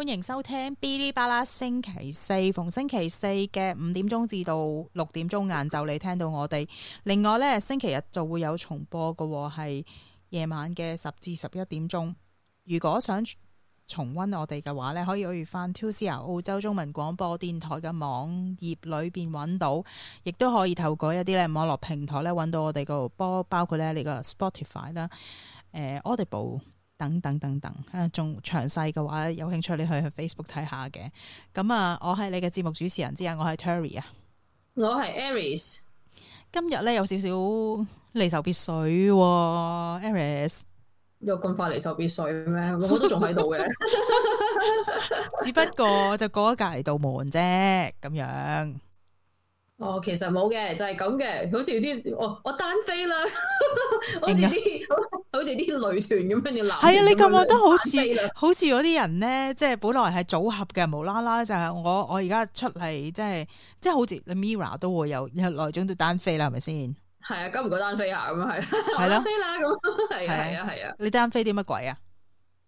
歡迎收聽 Bilibala，星期四逢星期四嘅五點鐘至到六點鐘晏晝，你聽到我哋。另外咧，星期日就會有重播嘅，係夜晚嘅十至十一點鐘。如果想重溫我哋嘅話咧，可以去翻 2CR 澳洲中文廣播電台嘅網頁裏邊揾到，亦都可以透過一啲咧網絡平台咧揾到我哋個播，包括咧你個 Spotify 啦、呃、，Audible。等等等等仲詳細嘅話，有興趣你去去 Facebook 睇下嘅。咁啊，我係你嘅節目主持人之啊，我係 Terry 啊，我係 Aries。今日咧有少少離愁別水啊，Aries 有咁快離愁別水咩？我都仲喺度嘅， 只不過就過咗隔籬道門啫，咁樣。哦，oh, 其實冇嘅，就係咁嘅，好似啲，我、oh, 我單飛啦， 些的 好似啲，般般 好似啲女團咁樣嘅男，係啊，你覺唔覺得好似好似嗰啲人咧，即係本來係組合嘅，無啦啦就係我我而家出嚟，即係即係好似你 mirror 都會有，來咗都單飛啦，係咪先？係啊，咁唔該單飛下咁啊，係啦，單飛啦了咁，係啊係啊，你單飛啲乜鬼啊？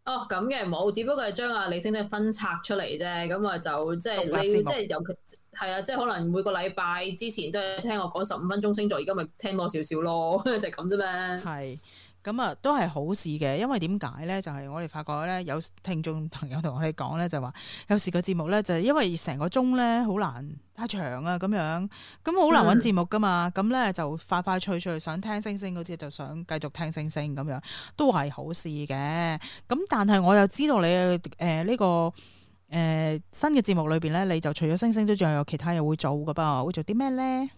哦，咁嘅冇，只不過係將阿里星星分拆出嚟啫，咁啊就即係你即係尤其，係啊，即係可能每個禮拜之前都係聽我講十五分鐘星座，而家咪聽多少少咯， 就係咁啫咩？係。咁啊，都係好事嘅，因為點解咧？就係、是、我哋發覺咧，有聽眾朋友同我哋講咧，就話、是、有時個節目咧，就係因為成個鐘咧，好難太長啊，咁樣咁好難揾節目噶嘛。咁咧、嗯、就快快脆脆，想聽星星嗰啲，就想繼續聽星星咁樣，都係好事嘅。咁但係我又知道你誒呢、呃這個誒、呃、新嘅節目裏邊咧，你就除咗星星都仲有其他嘢會做噶噃，會做啲咩咧？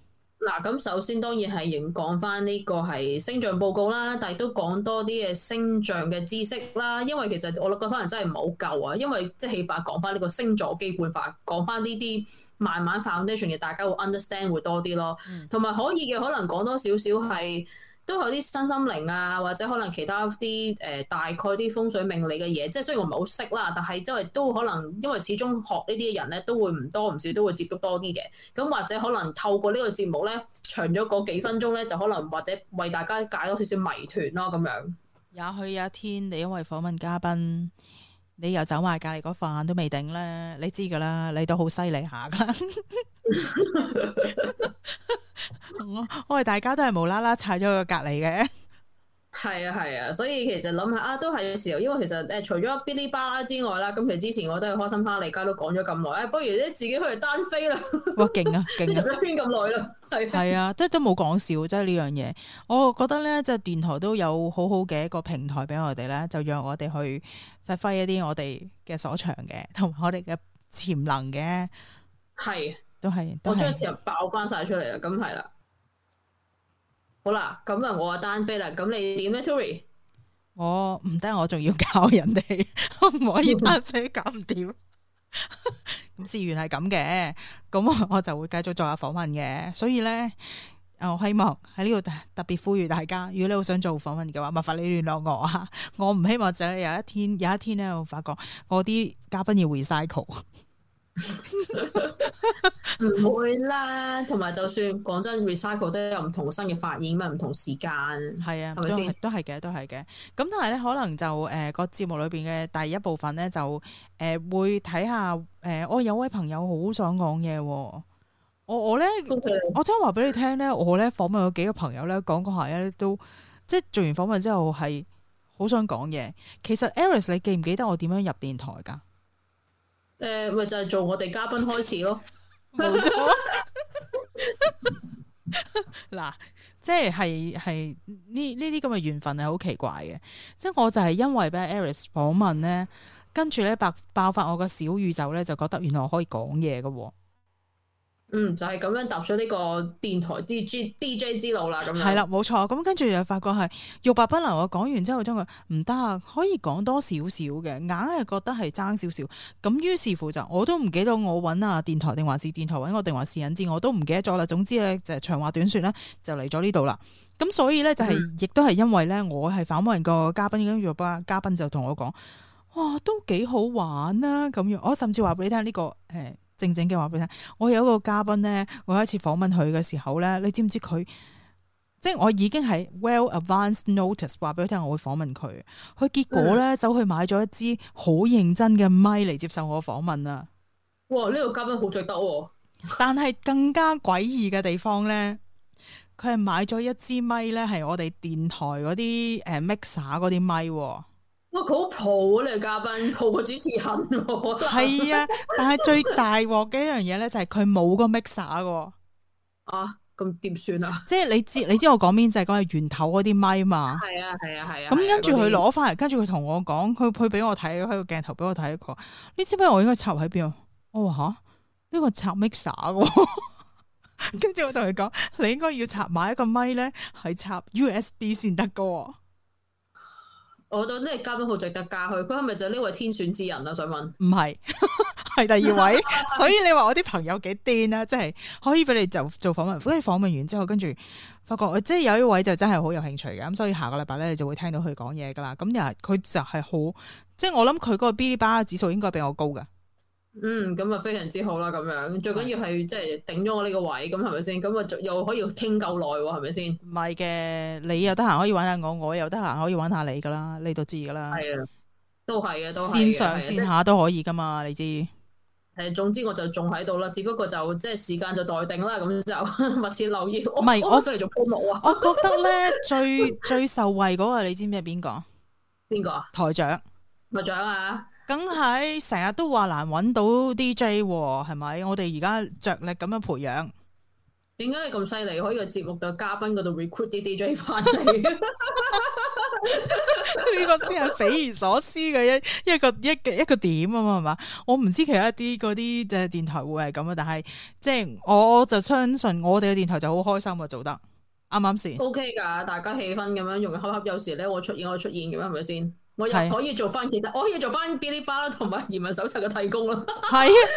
嗱，咁首先當然係仍講翻呢個係星象報告啦，但係都講多啲嘅星象嘅知識啦，因為其實我覺得可能真係唔係好夠啊，因為即係起碼講翻呢個星座基本法，講翻呢啲慢慢 foundation 嘅，大家會 understand 會多啲咯，同埋、嗯、可以嘅可能講多少少係。都有啲新心靈啊，或者可能其他啲誒、呃、大概啲風水命理嘅嘢，即係雖然我唔係好識啦，但係因為都可能因為始終學呢啲嘅人咧，都會唔多唔少都會接觸多啲嘅。咁、嗯、或者可能透過個節呢個節目咧，長咗嗰幾分鐘咧，就可能或者為大家解多少少迷團咯咁樣。也許有一天你因為訪問嘉賓。你又走埋隔籬嗰飯都未定咧，你知噶啦，你都好犀利下噶， 我哋大家都係無啦啦踩咗個隔籬嘅。係啊，係啊，所以其實諗下啊，都係有時候，因為其實誒，除咗 Bilibala 之外啦，咁其實之前我都喺開心趴嚟家都講咗咁耐，誒、哎，不如你自己去單飛啦！哇，勁啊，勁咁耐啦，係係啊， 啊，都冇講笑。真係呢樣嘢，我覺得咧就電台都有好好嘅一個平台俾我哋咧，就讓我哋去發揮一啲我哋嘅所長嘅，同埋我哋嘅潛能嘅，係、啊、都係，都我將啲詞爆翻晒出嚟啦，咁係啦。好啦，咁啦，我單飛啦。咁你點咧，Tory？我唔得，我仲要教人哋， 我唔可以單飛，搞唔掂。咁 事緣係咁嘅，咁我就會繼續做下訪問嘅。所以咧，我希望喺呢度特別呼籲大家，如果你好想做訪問嘅話，麻煩你聯絡我啊。我唔希望就係有一天，有一天咧，我發覺我啲嘉賓要 recycle。唔 會啦，同埋就算講真，recycle 都 有唔同新嘅發現，咪唔同時間係啊，吧都係嘅，都係嘅。咁但係咧，可能就誒、呃那個節目裏邊嘅第一部分咧，就誒、呃、會睇下誒，我、呃、有位朋友好想講嘢、哦。我我咧，我, 我真係話俾你聽咧，我咧訪問咗幾個朋友咧，講個下咧都即係做完訪問之後係好想講嘢。其實 Eris，你記唔記得我點樣入電台噶？誒，咪、呃、就係、是、做我哋嘉賓開始咯，冇錯 沒錯。嗱， 即係係呢呢啲咁嘅緣分係好奇怪嘅，即係我就係因為俾 Aris、er、訪問咧，跟住咧白爆發我個小宇宙咧，就覺得原來我可以講嘢㗎喎。嗯，就係、是、咁樣踏咗呢個電台 DJ DJ 之路啦，咁樣係啦，冇錯。咁 跟住又發覺係欲罷不能。我講完之後，將佢唔得，可以講多少少嘅，硬係覺得係爭少少。咁於是乎就，我都唔記得我搵啊電台定還是電台搵我定還是引致我都唔記得咗啦。總之咧，就長話短說咧，就嚟咗呢度啦。咁所以咧、就是，就係亦都係因為咧，我係訪問個嘉賓，跟住個嘉賓就同我講，哇，都幾好玩啊。」咁樣。我甚至話俾你聽、這、呢個誒。欸正正嘅話俾你聽，我有一個嘉賓咧，我有一次訪問佢嘅時候咧，你知唔知佢？即係我已經係 well advanced notice 話俾佢聽，我會訪問佢。佢結果咧、嗯、走去買咗一支好認真嘅咪嚟接受我訪問啊。哇！呢、這個嘉賓好值得喎， 但係更加詭異嘅地方咧，佢係買咗一支咪咧，係我哋電台嗰啲誒 mixer 嗰啲咪喎。我佢好蒲啊，你嘉賓，蒲過主持人。係 啊，但係最大鑊嘅一樣嘢咧，就係佢冇個 mixer 噶。啊，咁點算啊？即係你知， 你知我講邊就係講源頭嗰啲咪嘛。係啊， 係 啊，係啊。咁跟住佢攞翻嚟，跟住佢同我講，佢佢俾我睇喺個鏡頭俾我睇，佢你知唔知我應該插喺邊啊？我話吓呢個插 mixer 噶。跟住我同佢講，你應該要插埋一個咪咧，係插 USB 先得噶。我覺得嫁到好值得嫁佢，佢係咪就呢位天選之人啦，啊？想問，唔係不是，係 第二位， 所以你話我啲朋友幾癲啦，即係可以俾你就做訪問，跟住訪問完之後，跟住發覺，即係有一位就真係好有興趣嘅，咁所以下個禮拜咧，你就會聽到佢講嘢噶啦。咁又佢就係好，即係我諗佢嗰個 Bilibala 指數應該比我高噶。嗯，咁啊非常之好啦，咁樣最緊要係即係頂咗我呢個位，咁係咪先？咁啊又可以傾夠耐，係咪先？唔係嘅，你又得閒可以玩下我，我又得閒可以玩下你噶啦，你都知噶啦。係啊，都係嘅，都線上線下都可以噶嘛，你知。誒，總之我就仲喺度啦，只不過就即係時間就待定啦，咁就密切留意。唔係，我想嚟做科目啊。我覺得咧最最受惠嗰個，你知唔知係邊個？邊個？台長。台長啊！梗係成日都話難揾到 D J，係咪？我哋而家着力咁樣培養，點解你咁犀利？可以個節目度，嘉賓嗰度 recruit 啲 D J 翻嚟，呢個先係匪夷所思嘅一一個一一個點啊嘛，係嘛？我唔知其他啲嗰啲嘅電台會係咁啊，但係即係我就相信我哋嘅電台就好開心啊，做得啱唔啱先？OK 噶，大家氣氛咁樣，用恰恰，有時咧我出現我出現咁樣，係咪先？我又可以做翻其他，是我可以做翻 Bilibala 同埋移民手冊嘅提供咯。係啊，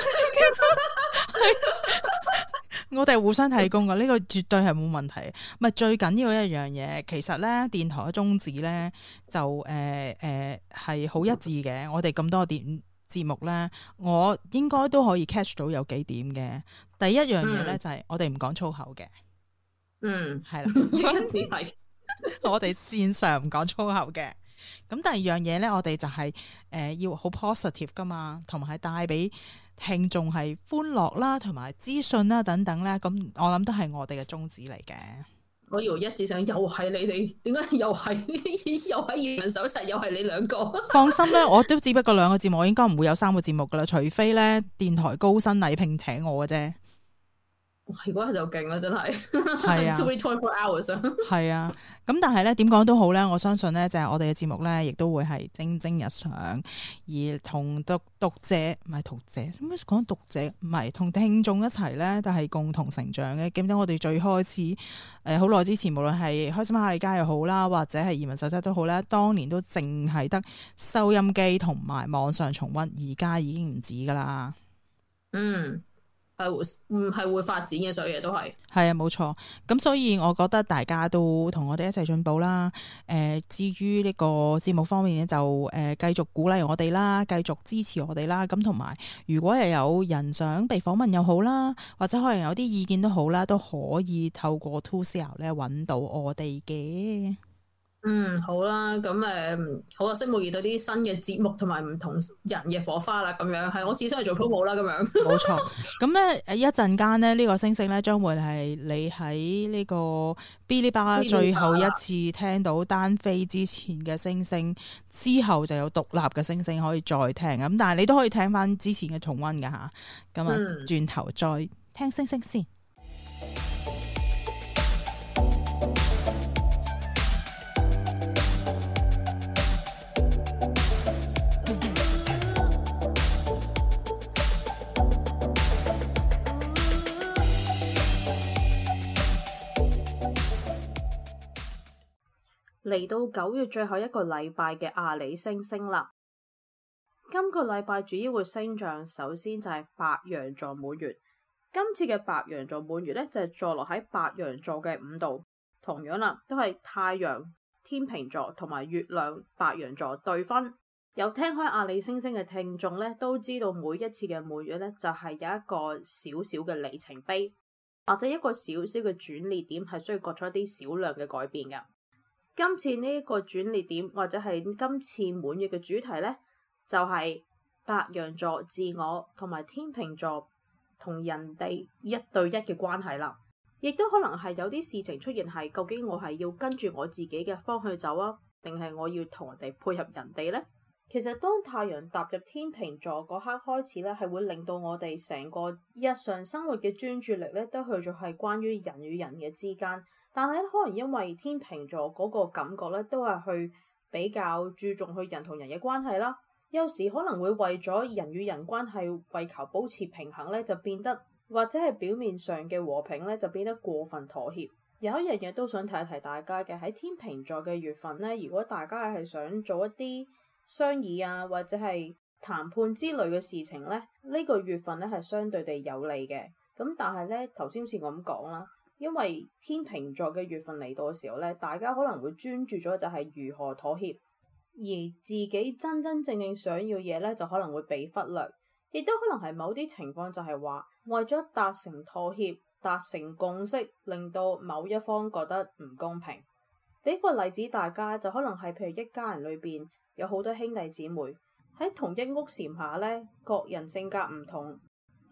我哋互相提供噶，呢、這個絕對係冇問題。咪最緊要一樣嘢，其實咧電台嘅宗旨咧就誒誒係好一致嘅。我哋咁多電節目咧，我應該都可以 catch 到有幾點嘅。第一樣嘢咧就係我哋唔講粗口嘅。嗯，係啦是、啊，嗰陣時係我哋線上唔講粗口嘅。咁第二樣嘢咧，我哋就係、是、誒、呃、要好 positive 噶嘛，同埋帶俾聽眾係歡樂啦，同埋資訊啦等等咧。咁、嗯、我諗都係我哋嘅宗旨嚟嘅。我以為一致 上，又係你哋？點解又係又係二人手勢？又係你兩個？ 放心啦，我都只不過兩個節目，我應該唔會有三個節目噶啦，除非咧電台高薪禮聘請我嘅啫。如果就勁啦，真係。係啊。係 be 24 啊。咁但係咧，點講都好咧，我相信咧，就係我哋嘅節目咧，亦都會係蒸蒸日上，而同讀讀者唔係讀者，點解講讀者唔係同聽眾一齊咧？但係共同成長嘅，記唔記得，我哋最開始誒好耐之前，無論係開心哈利街又好啦，或者係移民手冊都好咧，當年都淨係得收音機同埋網上重溫，而家已經唔止噶啦。嗯。係，唔係會發展嘅，所以都係係啊，冇錯。咁所以我覺得大家都同我哋一齊進步啦。誒、呃，至於呢個節目方面咧，就誒繼、呃、續鼓勵我哋啦，繼續支持我哋啦。咁同埋，如果又有人想被訪問又好啦，或者可能有啲意見都好啦，都可以透過 To Sir 咧搵到我哋嘅。嗯，好啦，咁、嗯、誒，好啊！星夢遇到啲新嘅節目同埋唔同人嘅火花啦，咁樣係我只係做 promo 啦，咁樣。冇錯。咁咧錯，一陣間呢、呢、這個星星咧將會係你喺呢個 Bilibala 最後一次聽到單飛之前嘅星星之後，就有獨立嘅星星可以再聽啊！咁但係你都可以聽返之前嘅重温㗎吓，咁啊，轉頭再聽星星先。嗯嗯嚟到九月最後一個禮拜嘅阿里星星啦，今個禮拜主要會星象，首先就係白羊座滿月。今次嘅白羊座滿月咧，就係、是、坐落喺白羊座嘅五度，同樣啦，都係太陽天秤座同埋月亮白羊座對分。有聽開阿里星星嘅聽眾咧，都知道每一次嘅滿月咧，就係、是、有一個小小嘅里程碑，或者一個小小嘅轉捩點，係需要割出一啲少量嘅改變嘅。今次呢一個轉捩點，或者係今次滿月嘅主題呢，就係白羊座自我同埋天秤座同人哋一對一嘅關係啦。亦都可能係有啲事情出現，係究竟我係要跟住我自己嘅方向走啊，定係我要同人哋配合人哋呢？其實當太陽踏入天秤座嗰刻開始呢，係會令到我哋成個日常生活嘅專注力呢，都去咗係關於人與人嘅之間。但係可能因為天秤座嗰個感覺咧，都係去比較注重去人同人嘅關係啦。有時可能會為咗人與人關係，為求保持平衡咧，就變得或者係表面上嘅和平咧，就變得過分妥協，有一樣嘢都想提一提大家嘅，喺天秤座嘅月份咧。如果大家係想做一啲商議啊，或者係談判之類嘅事情咧，呢個月份咧係相對地有利嘅。咁但係咧，頭先先我咁講啦。因為天秤座嘅月份嚟到嘅時候呢，大家可能會專注咗就係如何妥協，而自己真真正正想要嘢呢，就可能會被忽略，亦都可能係某啲情況就係話為咗達成妥協、達成共識，令到某一方覺得唔公平。俾個例子，大家就可能係譬如一家人裏邊有好多兄弟姊妹喺同一屋檐下呢，各人性格唔同。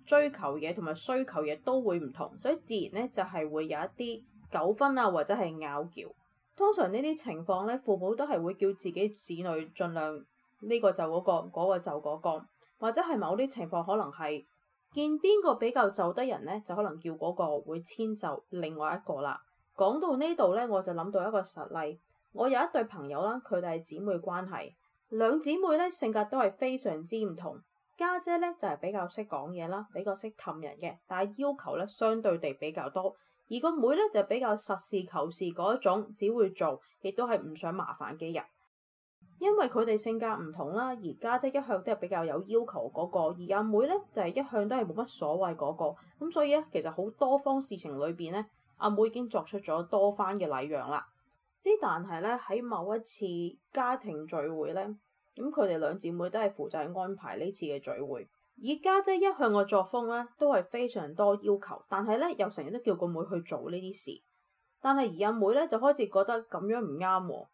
追求嘢同埋需求嘢都會唔同，所以自然咧就係會有一啲糾紛啊，或者係拗撬。通常呢啲情況咧，父母都係會叫自己子女盡量呢個就嗰個，嗰個就嗰個，或者係某啲情況可能係見邊個比較就得人咧，就可能叫嗰個會遷就另外一個啦。講到呢度咧，我就諗到一個實例，我有一對朋友啦，佢哋係姊妹關係，兩姊妹咧性格都係非常之唔同。家姐咧就係比較識講嘢啦，比較識氹人嘅，但係要求咧相對地比較多。而個妹咧就比較實事求是嗰一種，只會做，亦都係唔想麻煩嘅人。因為佢哋性格唔同啦，而家姐一向都係比較有要求嗰個，而阿妹咧就係一向都係冇乜所謂嗰個。咁所以咧，其實好多方事情裏邊咧，阿妹已經作出咗多番嘅禮讓啦。之但係咧，喺某一次家庭聚會咧。咁佢哋兩姊妹都係負責安排呢次嘅聚會，而家姐，姐一向嘅作風咧都係非常多要求，但係咧又成日都叫個妹，妹去做呢啲事。但係而阿妹咧就開始覺得咁樣唔啱喎，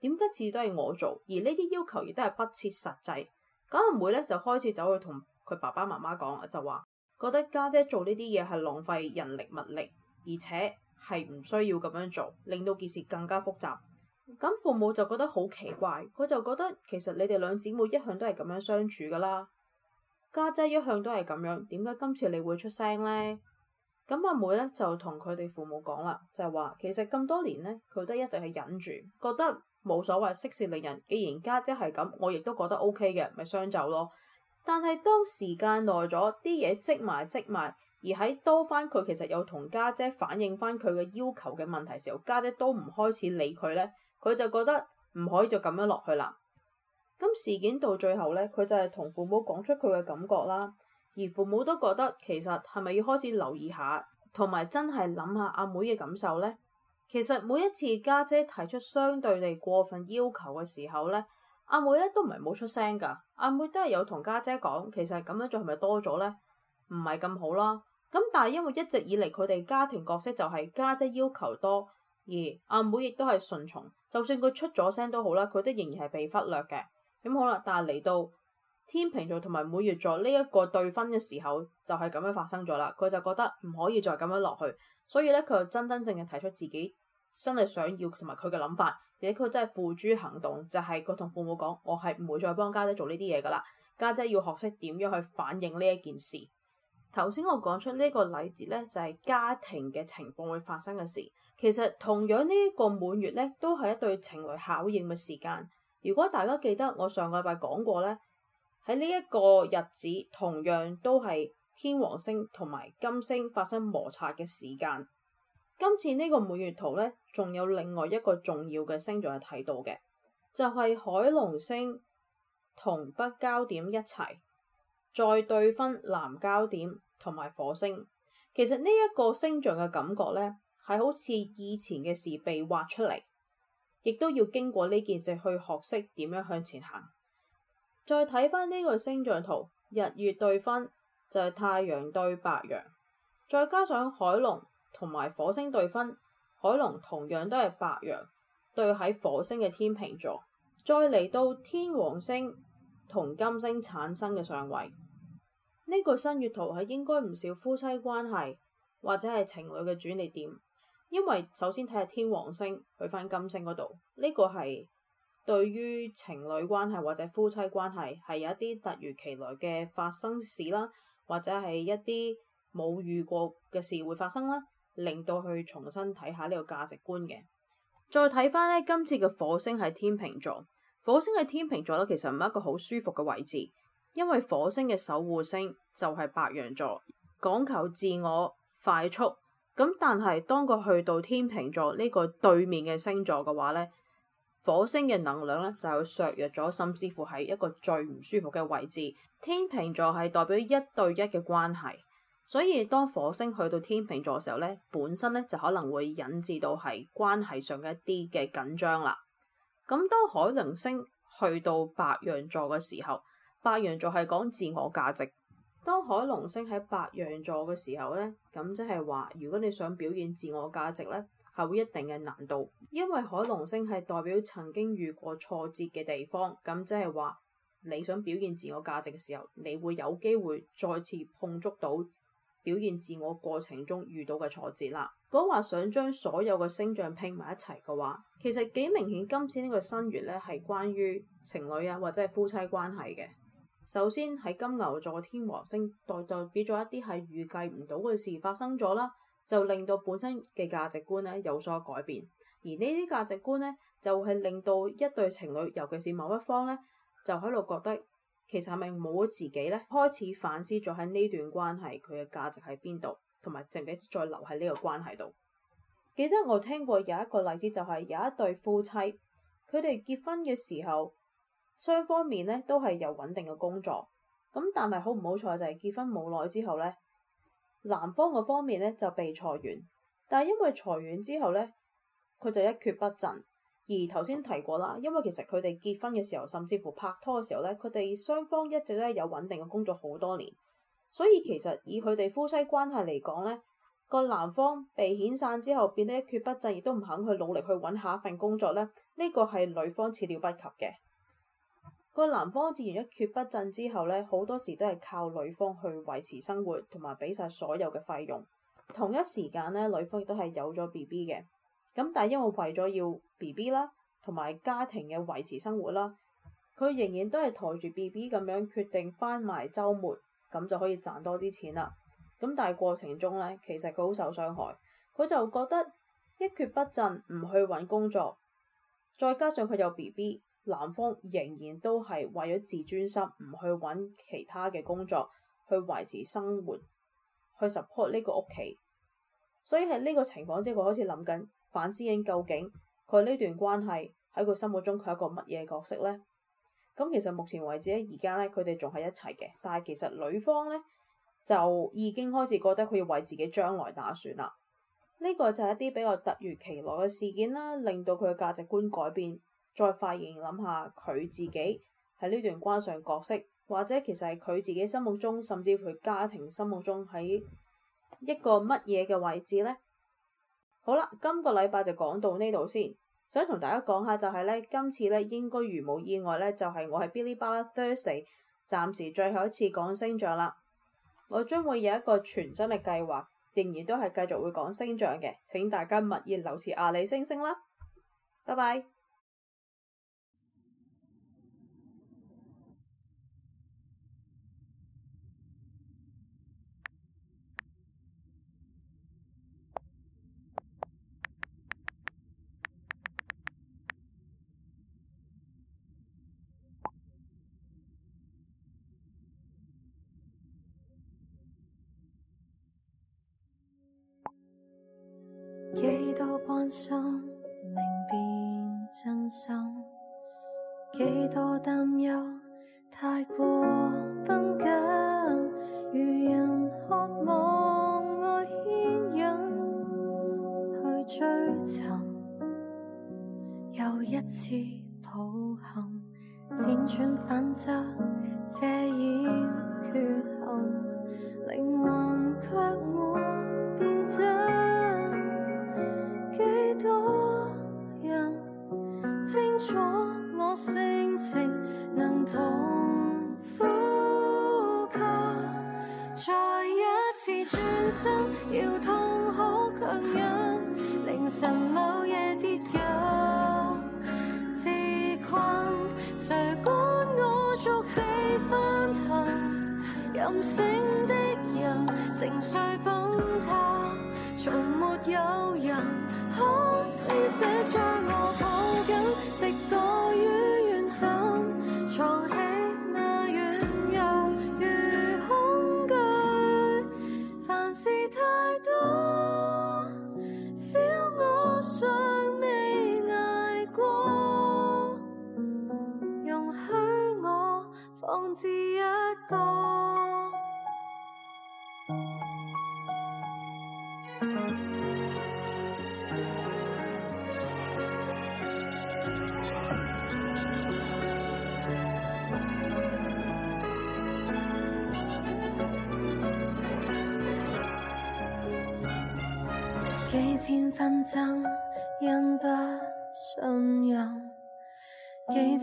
點解次次都係我做？而呢啲要求亦都係不切實際。咁阿妹咧就開始走去同佢爸爸媽媽講，就話覺得家姐，姐做呢啲嘢係浪費人力物力，而且係唔需要咁樣做，令到件事更加複雜。咁父母就覺得好奇怪，佢就覺得其實你哋兩姊妹一向都係咁樣相處噶啦，家姐一向都係咁樣，點解今次你會出聲呢？咁阿妹咧就同佢哋父母講啦，就係話其實咁多年咧，佢都一直係忍住，覺得冇所謂息事寧人。既然家姐係咁，我亦都覺得 O K 嘅，咪相就咯。但係當時間耐咗，啲嘢積埋積埋，而喺多返佢其實有同家姐反映翻佢嘅要求嘅問題時候，家姐都唔開始理佢咧。佢就覺得唔可以就咁樣落去啦。咁事件到最後呢，佢就係同父母講出佢嘅感覺啦。而父母都覺得其實係咪要開始留意下，同埋真係諗下阿妹嘅感受呢？其實每一次家姐提出相對地過分要求嘅時候呢，阿妹咧都唔係冇出聲噶。阿妹都係有同家姐講，其實咁樣做係咪多咗呢？唔係咁好啦。咁但係因為一直以嚟佢哋家庭角色就係家姐要求多。而阿妹亦都係順從，就算佢出咗聲都好啦，佢都仍然係被忽略嘅。咁、嗯、好啦，但係嚟到天秤座同埋每月座呢一個對分嘅時候，就係、是、咁樣發生咗啦。佢就覺得唔可以再咁樣落去，所以咧佢就真真正正提出自己真係想要同埋佢嘅諗法，而且佢真係付諸行動，就係佢同父母講：我係唔會再幫家姐，姐做呢啲嘢噶啦，家姐，姐要學識點樣去反映呢一件事。頭先我講出呢個禮節呢，就係、是、家庭嘅情況會發生嘅事。其實同樣呢一個滿月呢，都係一對情侶考驗嘅時間。如果大家記得我上個禮拜講過呢，喺呢一個日子，同樣都係天王星同埋金星發生摩擦嘅時間。今次呢個滿月圖呢，仲有另外一個重要嘅星座係睇到嘅，就係、是、海龍星同北交點一齊，再對分南交點。同埋火星，其實呢一個星象嘅感覺呢，係好似以前嘅事被挖出嚟，亦都要經過呢件事去學識點樣向前行。再睇翻呢個星象圖，日月對分就係太陽對白羊，再加上海龍同埋火星對分，海龍同樣都係白羊對喺火星嘅天秤座，再嚟到天王星同金星產生嘅相位。呢個新月圖係應該唔少夫妻關係或者係情侶嘅轉捩點，因為首先睇下天王星去翻金星嗰度，呢個係對於情侶關係或者夫妻關係係有一啲突如其來嘅發生事啦，或者係一啲冇遇過嘅事會發生啦，令到去重新睇下呢個價值觀嘅。再睇翻呢，今次嘅火星係天秤座，火星係天秤座咧，其實唔係一個好舒服嘅位置。因為火星嘅守護星就係白羊座，講求自我快速。咁但係當佢去到天秤座呢個對面嘅星座嘅話呢，火星嘅能量呢就係削弱咗，甚至乎喺一個最唔舒服嘅位置。天秤座係代表一對一嘅關係，所以當火星去到天秤座嘅時候呢，本身呢就可能會引致到係關係上嘅一啲嘅緊張啦。咁當海王星去到白羊座嘅時候。白羊座係講自我價值。當海龍星喺白羊座嘅時候呢，咁即係話，如果你想表現自我價值呢，係會一定嘅難度，因為海龍星係代表曾經遇過挫折嘅地方。咁即係話，你想表現自我價值嘅時候，你會有機會再次碰觸到表現自我過程中遇到嘅挫折啦。如果話想將所有嘅星象拼埋一齊嘅話，其實幾明顯。今次呢個新月呢係關於情侶啊，或者係夫妻關係嘅。首先喺金牛座，天王星代代表咗一啲係預計唔到嘅事發生咗啦，就令到本身嘅價值觀咧有所改變，而呢啲價值觀咧就係令到一對情侶，尤其是某一方咧就喺度覺得其實係咪冇自己咧？開始反思咗喺呢段關係佢嘅價值喺邊度，同埋值唔值再留喺呢個關係度。記得我聽過有一個例子，就係、是、有一對夫妻，佢哋結婚嘅時候。雙方面咧都係有穩定嘅工作，咁但係好唔好彩就係、係、結婚冇耐之後咧，男方嘅方面咧就被裁員，但係因為裁員之後咧佢就一蹶不振。而頭先提過啦，因為其實佢哋結婚嘅時候，甚至乎拍拖嘅時候咧，佢哋雙方一直咧有穩定嘅工作好多年，所以其實以佢哋夫妻關係嚟講咧，個男方被遣散，之後變得一蹶不振，亦都唔肯去努力去揾下一份工作咧，呢、呢個係女方始料不及嘅。個男方自然一蹶不振之後咧，好多時都係靠女方去維持生活，同埋俾晒所有嘅費用。同一時間咧，女方亦都係有咗 B B 嘅咁，但係因為為咗要 B B 啦，同埋家庭嘅維持生活啦，佢仍然都係抬住 B B 咁樣決定返埋週末，咁就可以賺多啲錢啦。咁但係過程中咧，其實佢好受傷害，佢就覺得一蹶不振，唔去揾工作，再加上佢有 B B。男方仍然都係為咗自尊心，唔去揾其他嘅工作去維持生活，去 support 呢個屋企，所以係呢個情況，即係佢開始諗緊反思緊，究竟佢呢段關係喺佢心目中佢係一個乜嘢角色呢？咁其實目前為止而家咧佢哋仲係一齊嘅，但係其實女方呢，就已經開始覺得佢要為自己將來打算啦。呢、這個就係一啲比較突如其來嘅事件啦，令到佢嘅價值觀改變。再發現，諗下佢自己喺呢段關係上角色，或者其實係佢自己心目中，甚至乎佢家庭心目中喺一個乜嘢嘅位置呢？好啦，今個禮拜就講到呢度先。想同大家講下就係、是、呢，今次呢應該如冇意外呢，就係我喺 Bilibala Thursday 暫時最後一次講星象啦。我將會有一個全新嘅計劃，仍然都係繼續會講星象嘅。請大家密切留意阿里星星啦。拜拜。生命變辨真心，幾多擔憂太過繃緊，如人渴望愛牽引去追尋，又一次抱憾，輾轉反側遮掩缺陷。沉夢醒的人，情緒崩塌，從沒有人可施捨。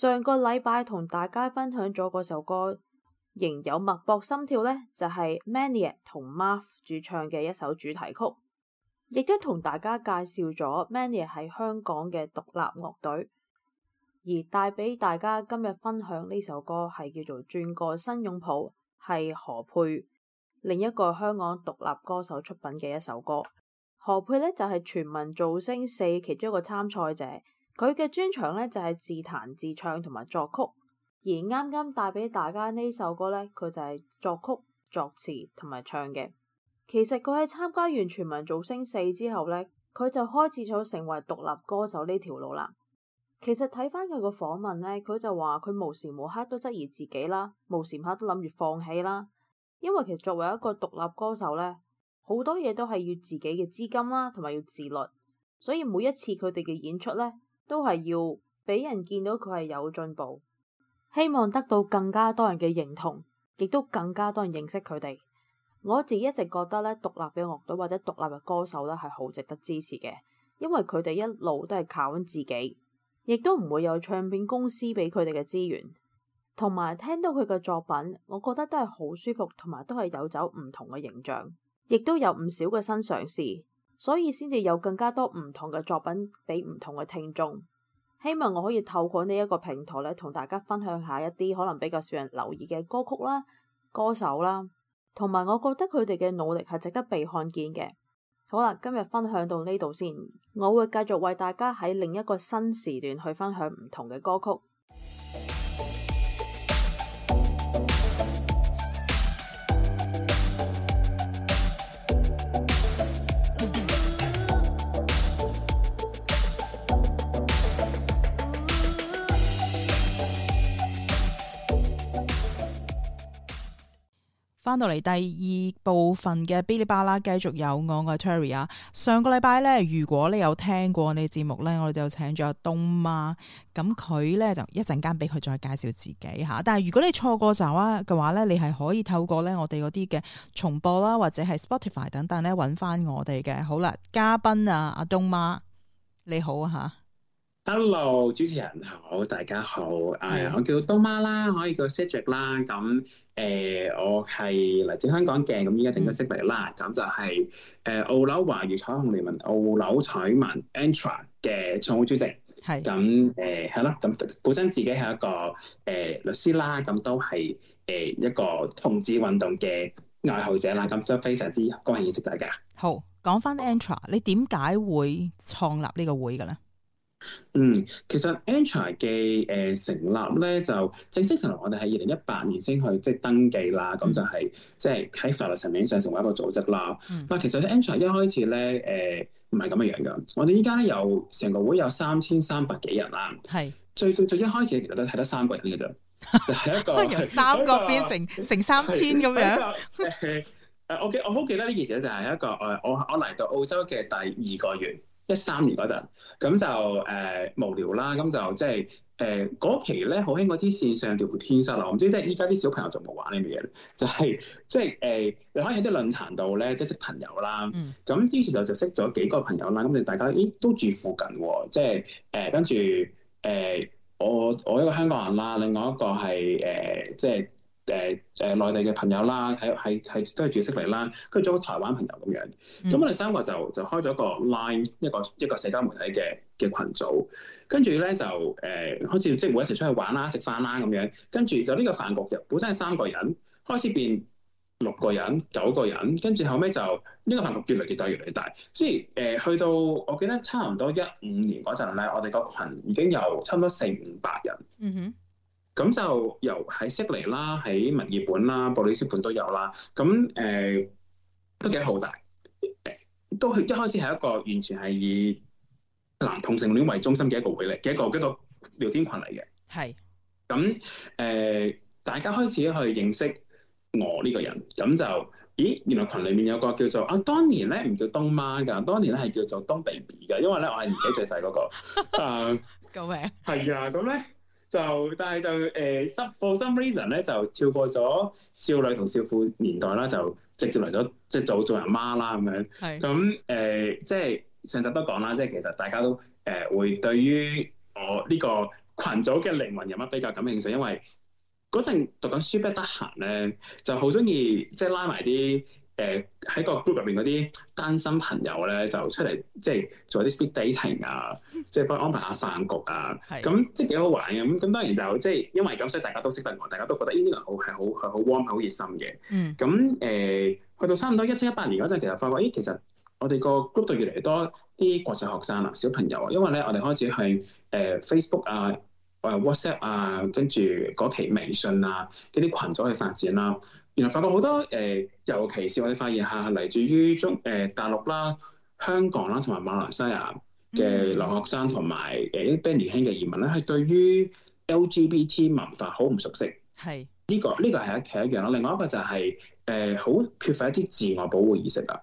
上個禮拜同大家分享咗嗰首歌《仍有脈搏心跳》呢，就係、是、Mania 同 Marf 主唱嘅一首主題曲，亦都同大家介紹咗 Mania 喺香港嘅獨立樂隊，而帶俾大家今日分享呢首歌係叫做《轉過新擁抱》，係何佩，另一個香港獨立歌手出品嘅一首歌。何佩呢，就係、是、全民造星四其中一個參賽者。佢嘅專長咧就係自彈自唱同埋作曲，而啱啱帶俾大家呢首歌咧，佢就係作曲、作詞同埋唱嘅。其實佢喺參加完全民造星四之後咧，佢就開始咗成為獨立歌手呢條路啦。其實睇翻佢個訪問咧，佢就話佢無時無刻都質疑自己啦，無時無刻都諗住放棄啦，因為其實作為一個獨立歌手咧，好多嘢都係要自己嘅資金啦，同埋要自律，所以每一次佢哋嘅演出咧。都係要俾人見到佢係有進步，希望得到更加多人嘅認同，亦都更加多人認識佢哋。我自己一直覺得咧，獨立嘅樂隊或者獨立嘅歌手咧係好值得支持嘅，因為佢哋一路都係靠緊自己，亦都唔會有唱片公司俾佢哋嘅資源。同埋聽到佢嘅作品，我覺得都係好舒服，同埋都係有走唔同嘅形象，亦都有唔少嘅新嘗試。所以先至有更加多唔同嘅作品俾唔同嘅聽眾，希望我可以透過呢一個平台咧，同大家分享下一啲可能比較少人留意嘅歌曲啦、歌手啦，同埋我覺得佢哋嘅努力係值得被看見嘅。好啦，今日分享到呢度先，我會繼續為大家喺另一個新時段去分享唔同嘅歌曲。翻到嚟第二部分嘅嗶哩吧啦，繼續有我嘅 Terry 啊！上個禮拜咧，如果你有聽過我哋節目咧，我哋就請咗阿東媽，咁佢咧就一陣間俾佢再介紹自己嚇。但係如果你錯過集啊嘅話咧，你係可以透過咧我哋嗰啲嘅重播啦，或者係 Spotify 等等，等係咧揾翻我哋嘅。好啦，嘉賓啊，阿東媽，你好嚇，啊。hello，主持人好，大家好。係的、哎、我叫冬媽啦，可以叫 Cedric 啦。咁誒、呃，我係嚟自香港嘅。咁依家正咗職位啦。咁、嗯、就係、是、誒、呃、澳紐華語彩虹聯盟澳紐彩盟 Antra 嘅創會主席。係咁誒係啦。咁、呃、本身自己係一個誒、呃、律師啦。咁都係誒、呃、一個同志運動嘅愛好者啦。咁都非常之高興認識大家。好，講返 Antra，你點解會創立呢個會嘅咧？嗯，其實 Antra 嘅、誒成立，咧就正式成立，我哋係二零一八年先去即係登記啦，咁就係即係喺法律層面上成為一個組織啦。嗯，但係其實 Antra 一開始咧誒唔係咁樣嘅，我哋依家咧有成個會有三千三百幾人啦。係是最最最一開始其實都睇得三個人嘅啫，就係、是、一個 由三個變個成成三千咁樣。誒、 呃，我記我好記得呢件事就係一個誒，我我嚟到澳洲嘅第二個月，一三年嗰陣，咁就誒、呃、無聊啦，咁就即係誒嗰期咧好興嗰啲線上聊天室啦。我唔知即係依家啲小朋友仲冇玩呢啲嘢，就係、是、即係誒、呃、你可以喺啲論壇度咧即係識朋友啦。咁之前就就識咗幾個朋友啦。咁就大家咦都住附近喎，即係誒跟住誒我我一個香港人啦，另外一個係誒、呃、即係。誒誒，內地嘅朋友啦，喺喺喺都係住悉尼啦，跟住做個台灣朋友咁樣。咁、嗯嗯、我哋三個就就開咗個 Line，一個，INE，一，個一個社交媒體嘅嘅羣組。跟住咧就誒、呃，好似即係會一齊出去玩啦、食飯啦咁樣。跟住就呢個飯局，由本身係三個人，開始變六個人、九個人，跟住後尾就呢、這個飯局越嚟越大、越嚟越大。所以誒、呃，去到我記得差唔多一五年嗰陣咧，我哋個群已經有差唔多四五百人。嗯哼。咁就由喺悉尼啦，喺墨爾本啦、布里斯本都有啦。咁誒、呃、都幾好大，都係一開始係一個完全係以男同性戀為中心嘅一個會嚟嘅一個,一個,一,個一個聊天群嚟嘅。係是。咁誒、呃，大家開始去認識我呢個人。咁就咦，原來群裡面有個叫做啊，當年咧唔叫東媽㗎，當年咧係叫做東 baby 㗎，因為咧我係年紀最細嗰、那個。啊、 呃，救命！係啊，咁咧。就但係就誒、uh，for some reason 咧就跳過咗少女同少婦年代啦，就直接嚟咗即係做做人媽啦咁樣。係咁誒，即係上集都講啦，即係其實大家都誒、呃、會對於我呢個群組嘅靈魂人物比較感興趣，因為嗰陣讀緊書不得閒咧，就好中意即係拉埋啲。誒喺個 group 入邊嗰啲單身朋友咧，就出嚟即係做啲 speed dating 啊，即、就、係、是、幫安排下飯局啊。咁即幾好玩嘅。咁咁當然就即係因為咁，所以大家都識得我，大家都覺得呢個好係好係好 warm、好熱心嘅。咁誒、嗯，去到差唔多一千一百年嗰陣，其實發覺咦，其實我哋個 group 度越嚟越多啲國際學生啊、小朋友啊。因為咧，我哋開始去誒 Facebook 啊、WhatsApp 啊，跟住嗰期微信啊，呢啲群組去發展啦、啊。原來發覺好多誒、呃，尤其是我哋發現嚇嚟自於中誒、呃、大陸啦、香港啦同埋馬來西亞嘅留學生同埋誒一啲年輕嘅移民咧，係對於 LGBT 文化好唔熟悉。係呢是、呢個呢、呢個係一其一樣咯。另外一個就係誒好缺乏一啲自我保護意識啊。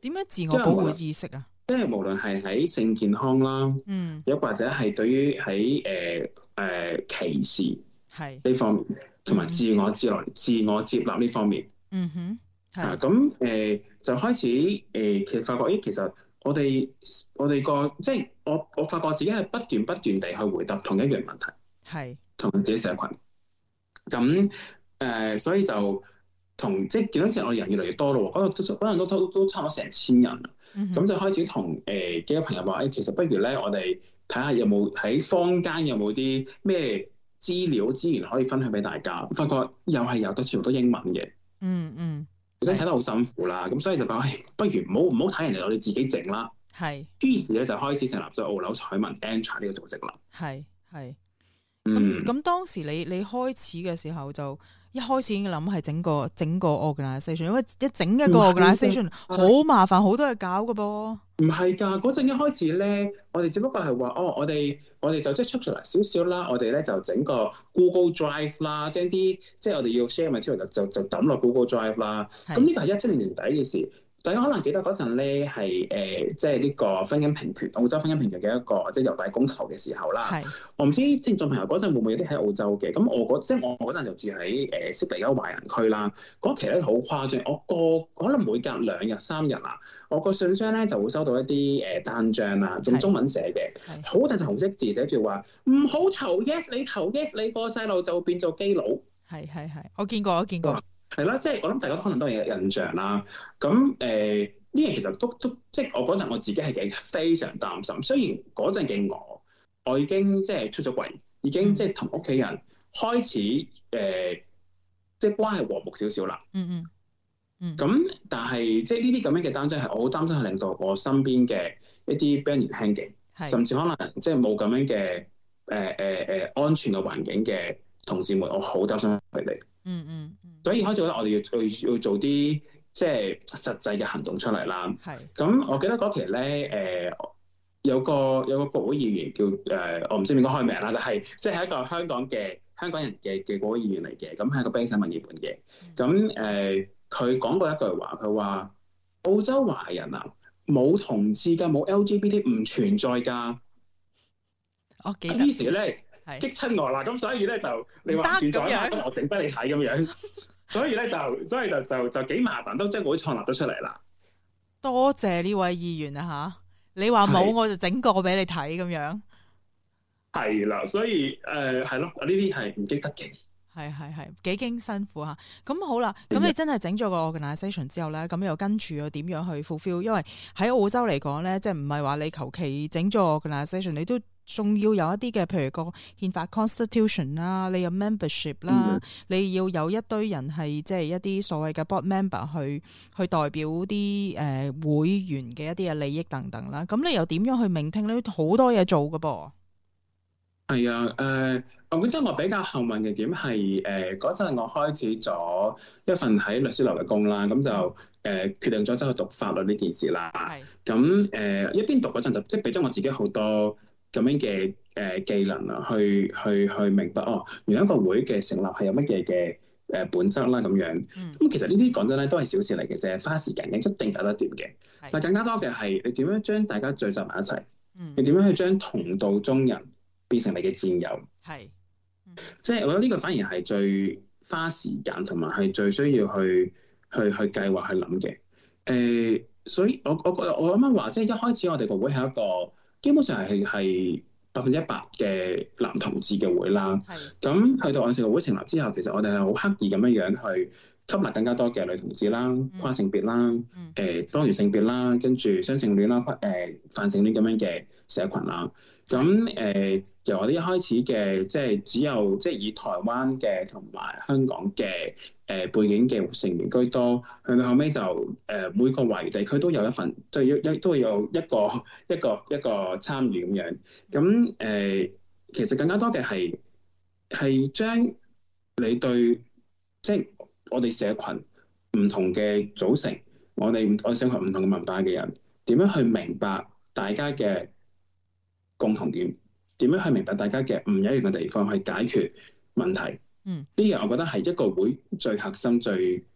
點樣自我保護意識啊？即係無論係喺性健康啦，嗯，又或者係對於喺誒誒歧視係呢方面。同埋自我自來、mm hmm. 自我接納呢方面，嗯哼、mm，係咁誒就開始誒、呃，其實發覺咦、欸，其實我哋我哋個即係我我發覺自己係不斷不斷地去回答同一樣問題，係同、mm hmm. 自己社群。咁、啊、誒、呃，所以就同即係見到其實我哋人越嚟越多咯，嗰度都都都，都差唔多成千人咁、mm hmm. 就開始同誒、呃、幾多朋友話：誒、欸，其實不如咧，我哋睇下有冇喺坊間有冇啲咩？資料資源可以分享俾大家，發覺又係有得全部都英文嘅、嗯，嗯嗯，真係睇得好辛苦啦，咁的所以就講、哎，不如唔好唔好睇人哋，我哋自己整啦。係的。於是咧就開始成立咗澳紐彩盟 entry 呢個組織啦。係係。咁咁、嗯、當時你你開始嘅時候就。一開始已經諗係整個整個 organisation，因為一整一個 organisation 好麻煩，好的多嘢搞㗎噃。唔係噶，嗰陣一開始咧，我哋只不過係話哦，我哋我哋就即係出咗嚟少少啦，我哋咧就整個 Google Drive 啦，將啲即係我哋要 share 嘅資料就就抌落 Google Drive 啦的。咁呢個係一七年年底嘅事。大家可能記得嗰陣咧，係、呃、誒、就是就是是，即係呢個婚姻平權澳洲婚姻平權嘅一個即係郵遞公投嘅時候啦。係，我唔知正眾朋友嗰陣會唔會有啲喺澳洲嘅？咁我嗰即係我嗰陣就住喺誒悉尼嘅華人區啦。嗰期咧好誇張，我個可能每隔兩日三日啊，我個信箱咧就會收到一啲誒單張啦，用中文寫嘅，好大隻紅色字寫住話唔好投 yes，你投 yes，你個細路就變做基佬。係係係，我見過，我見過。係啦，即係 我諗大家可能都有印象啦。咁誒，呢樣其實都都即係我嗰陣我自己係幾非常擔心。雖然嗰陣嘅我，我已經即係出咗櫃，已經即係同屋企人開始誒，即係關係和睦少少啦。嗯嗯。咁但係即係呢啲咁樣嘅擔心係我好擔心係令到我身邊嘅一啲比較年輕嘅，甚至可能即係冇咁樣嘅誒誒誒安全嘅環境嘅同事們，我好擔心佢哋。嗯嗯。嗯。所以開始咧，我哋要要要做啲即係實際嘅行動出嚟啦。係是。咁我記得嗰期咧，誒、呃、有個有個國會議員叫誒、呃，我唔知點解開名啦，但係即係一個香港嘅香港人嘅嘅國會議員嚟嘅。咁係一個冰山文言本嘅。咁誒是，佢、呃、講過一句話，佢話澳洲華人啊，冇同志㗎，冇 LGBT，唔存在㗎。我記得。啲、啊、時是激親我啦，咁所以咧就你話唔存在，我整俾你睇咁樣。 所以咧就，所以就就就幾麻煩，即創都即係我創立咗出嚟啦。多謝呢位議員啊吓，你話冇是我就整個俾你睇咁樣。係啦，所以誒係咯，呢啲係唔記得嘅。係係係，幾經辛苦吓。咁、啊、好啦，咁的你真係整咗個 organisation 之後咧，咁又跟住又點樣去 fulfill？因為喺澳洲嚟講咧，即係唔係話你求其整咗個 organisation 你都。仲要有一啲嘅，譬如個憲法 constitution 啦，你有 membership 啦、嗯，你要有一堆人係即係一啲所謂嘅 board member 去去代表啲誒、呃、會員嘅一啲嘅利益等等啦。咁你又點樣去明聽呢？好多嘢做㗎噃。係啊，誒、呃，我覺得我比較幸運嘅點係誒嗰陣我開始咗一份喺律師樓嘅工啦，咁就誒、嗯呃、決定咗走去讀法律呢件事啦。係咁誒，一邊讀嗰陣就即係俾咗我自己好多。咁樣嘅誒技能啊，去去去明白哦，原來一個會嘅成立係有乜嘢嘅誒本質啦，咁樣。咁、嗯、其實呢啲講真咧，都係小事嚟嘅，啫花時間嘅，一定搞得掂嘅。是但更加多嘅係你點樣將大家聚集埋一齊，嗯、你點樣去將同道中人變成你嘅戰友。係，即、嗯、係我覺得呢個反而係最花時間，同埋係最需要去去去計劃去諗嘅。誒、呃，所以我我我啱啱話，即係一開始我哋個會係一個。基本上係係百分之一百嘅男同志嘅會啦，咁的、嗯嗯、去到 h o m 會成立之後，其實我哋係好刻意咁樣樣去吸納更加多嘅女同志啦、跨性別啦、誒、嗯嗯欸、多元性別啦、跟住雙性戀啦、誒泛、呃、性戀咁樣嘅社群啦，咁、嗯、誒。的由我哋一開始嘅，即、就、係、是、只有即係、就是、以台灣嘅同埋香港嘅誒、呃、背景嘅成員居多，去到後尾就誒、呃、每個華語地區都有一份，都要有都有一個一個一個參與咁樣。咁誒、呃，其實更加多嘅係係將你對即係、就是、我哋社群唔同嘅組成，我哋我哋社群唔同嘅文化嘅人點樣去明白大家嘅共同點？點樣去明白大家嘅唔一樣嘅地方，去解決問題？嗯，呢樣我覺得係一個會最核心、最誒，即、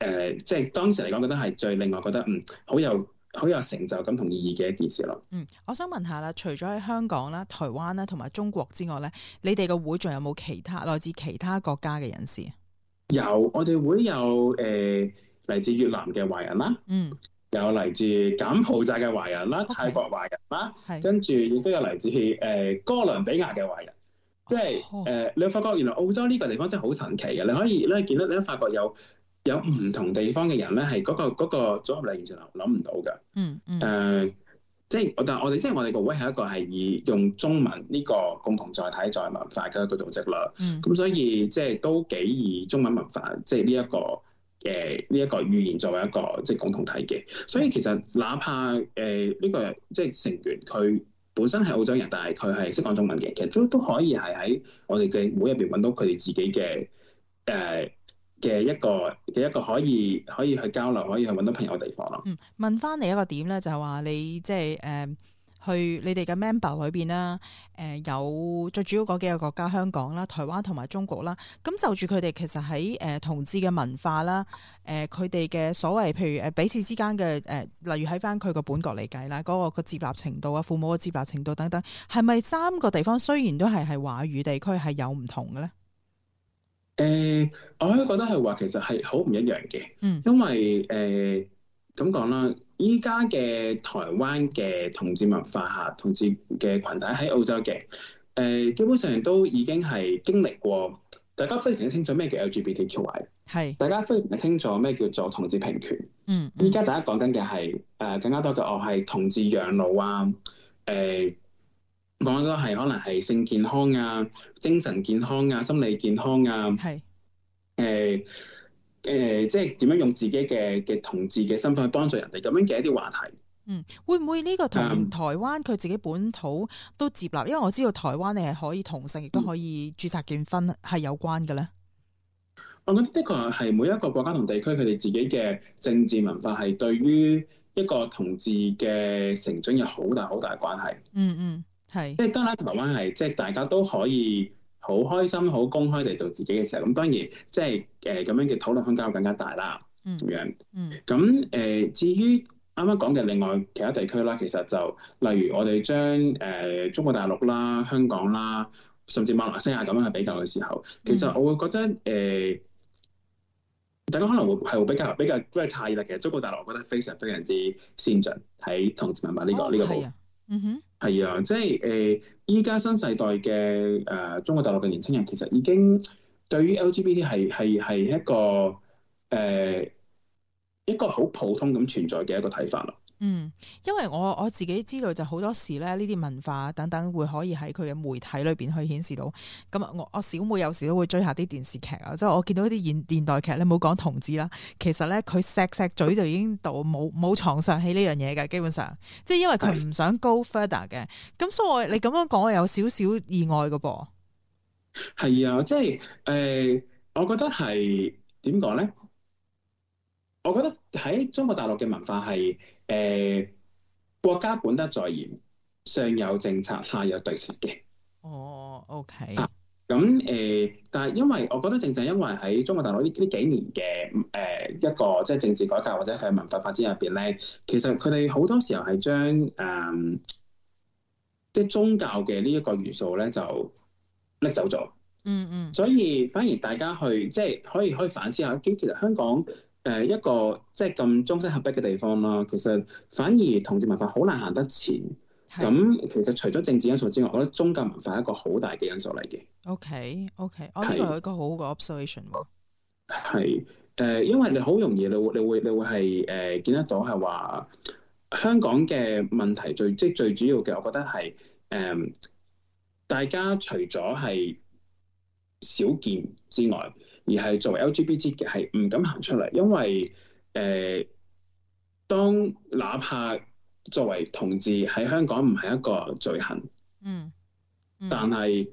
呃、係、就是、當時嚟講，覺得係最令我覺得嗯，好有好有成就感同意義嘅一件事咯。嗯，我想問下啦，除咗喺香港啦、台灣啦同埋中國之外咧，你哋個會仲有冇其他來自其他國家嘅人士啊？有，我哋會有誒嚟、呃、自越南嘅華人啦。嗯。有嚟自柬埔寨嘅華人啦，Okay. 泰國華人啦，跟住亦都有嚟自誒 Okay.、呃、哥倫比亞嘅華人，即係誒、oh. 呃、你會發覺原來澳洲呢個地方真係好神奇嘅，你可以咧見到你會發覺有有唔同地方嘅人咧、那個、係、那、嗰個嗰、那個、組合你完全諗唔到嘅。嗯嗯、mm hmm. 呃、即係我但係我哋即係我哋個會係一個係以用中文呢個共同載體、在文化嘅一個組織啦。嗯、mm，咁、hmm. 所以即係都幾以中文文化即係呢一個。誒呢一個語言作為一個即係共同體嘅，所以其實哪怕誒呢、呃這個即係成員佢本身係澳洲人，但係佢係識講中文嘅，其實都都可以係喺我哋嘅會入邊揾到佢哋自己嘅誒嘅一個嘅一個可以可以去交流，可以去揾到朋友嘅地方咯。嗯，問翻嚟一個點咧，就係、是、話你即係誒。呃去你哋嘅 member 裏邊啦，誒、呃、有最主要嗰幾個國家，香港啦、台灣同埋中國啦，咁就住佢哋其實喺誒、呃、同志嘅文化啦，誒佢哋嘅所謂譬如誒彼此之間嘅誒、呃，例如喺翻佢個本國嚟計啦，嗰、那個個接納程度啊，父母嘅接納程度等等，係咪三個地方雖然都係係華語地區係有唔同嘅咧？誒、呃，我都覺得係話其實係好唔一樣嘅，嗯、因為誒咁講啦。呃依家嘅台灣嘅同志文化吓，同志嘅群體喺澳洲嘅，誒、呃、基本上都已經係經歷過，大家非常之清楚咩叫 LGBTQI，係是，大家非常之清楚咩叫做同志平權，嗯，依、嗯、家大家講緊嘅係誒更加多嘅我係同志養老啊，誒講緊都係可能係性健康啊、精神健康啊、心理健康啊，係是，誒、呃。誒、呃，即係點樣用自己嘅嘅同志嘅身份去幫助人哋，咁樣嘅一啲話題。嗯，會唔會呢個同台灣佢、嗯、自己本土都接納？因為我知道台灣你係可以同性亦都可以註冊結婚，係有關嘅咧、嗯。我覺得的確係每一個國家同地區佢哋自己嘅政治文化係對於一個同志嘅成長有好大好大關係。嗯嗯、係、嗯。即係當然台灣係，嗯、即係大家都可以。好開心、好公開地做自己嘅時候，咁當然即係誒咁樣嘅討論空間會更加大啦。咁、嗯嗯、樣。咁、呃、誒，至於啱啱講嘅另外其他地區啦，其實就例如我哋將誒、呃、中國大陸啦、香港啦，甚至馬來西亞咁樣去比較嘅時候，其實我會覺得誒，大家、嗯呃、可能會係比較比較都係差異啦。其實中國大陸，我覺得非常非常之先進喺同志文化呢、呢個呢、哦、個步。啊嗯、哼。係啊，即係誒依家新世代嘅、誒、呃、中國大陸嘅年青人其實已經對於 LGBT 係係係一個誒、呃、一個好普通咁存在嘅一個睇法啦。嗯，因為我我自己知道就好多時咧，呢啲文化等等會可以喺佢嘅媒體裏面去顯示到。咁啊，我我小妹有時都會追下啲電視劇啊，即係我見到啲現現代劇咧，你冇講同志啦，其實咧佢錫錫嘴就已經到冇冇床上戲呢樣嘢嘅，基本上，即係因為佢唔想 go further 嘅。咁是所以我你咁樣講，我有少少意外嘅噃。係啊，即係誒、呃，我覺得係點講咧？我覺得喺中國大陸嘅文化係，誒、呃、國家管得再嚴，上有政策下有對策嘅。哦、oh，OK。啊，咁誒、呃，但係因為我覺得正正因為喺中國大陸呢呢幾年嘅誒、呃、一個即係政治改革或者係文化發展入邊咧，其實佢哋好多時候係將誒即係宗教嘅呢一個元素咧就拎走咗。嗯嗯、mm。Hmm. 所以反而大家去即係可以可以反思下，其實香港。誒、呃、一個即係咁中西合璧嘅地方啦，其實反而同志文化好難行得前。咁的其實除咗政治因素之外，我覺得宗教文化係一個好大嘅因素嚟嘅。OK，OK，我認為係一個好嘅 observation。係誒、呃，因為你好容易你會你會你會係誒、呃、見得到係話香港嘅問題最即係最主要嘅，我覺得係誒、呃、大家除咗係少見之外。而係作為 LGBT 嘅係唔敢行出嚟，因為誒、呃，當哪怕作為同志喺香港唔係一個罪行，嗯，嗯但係誒、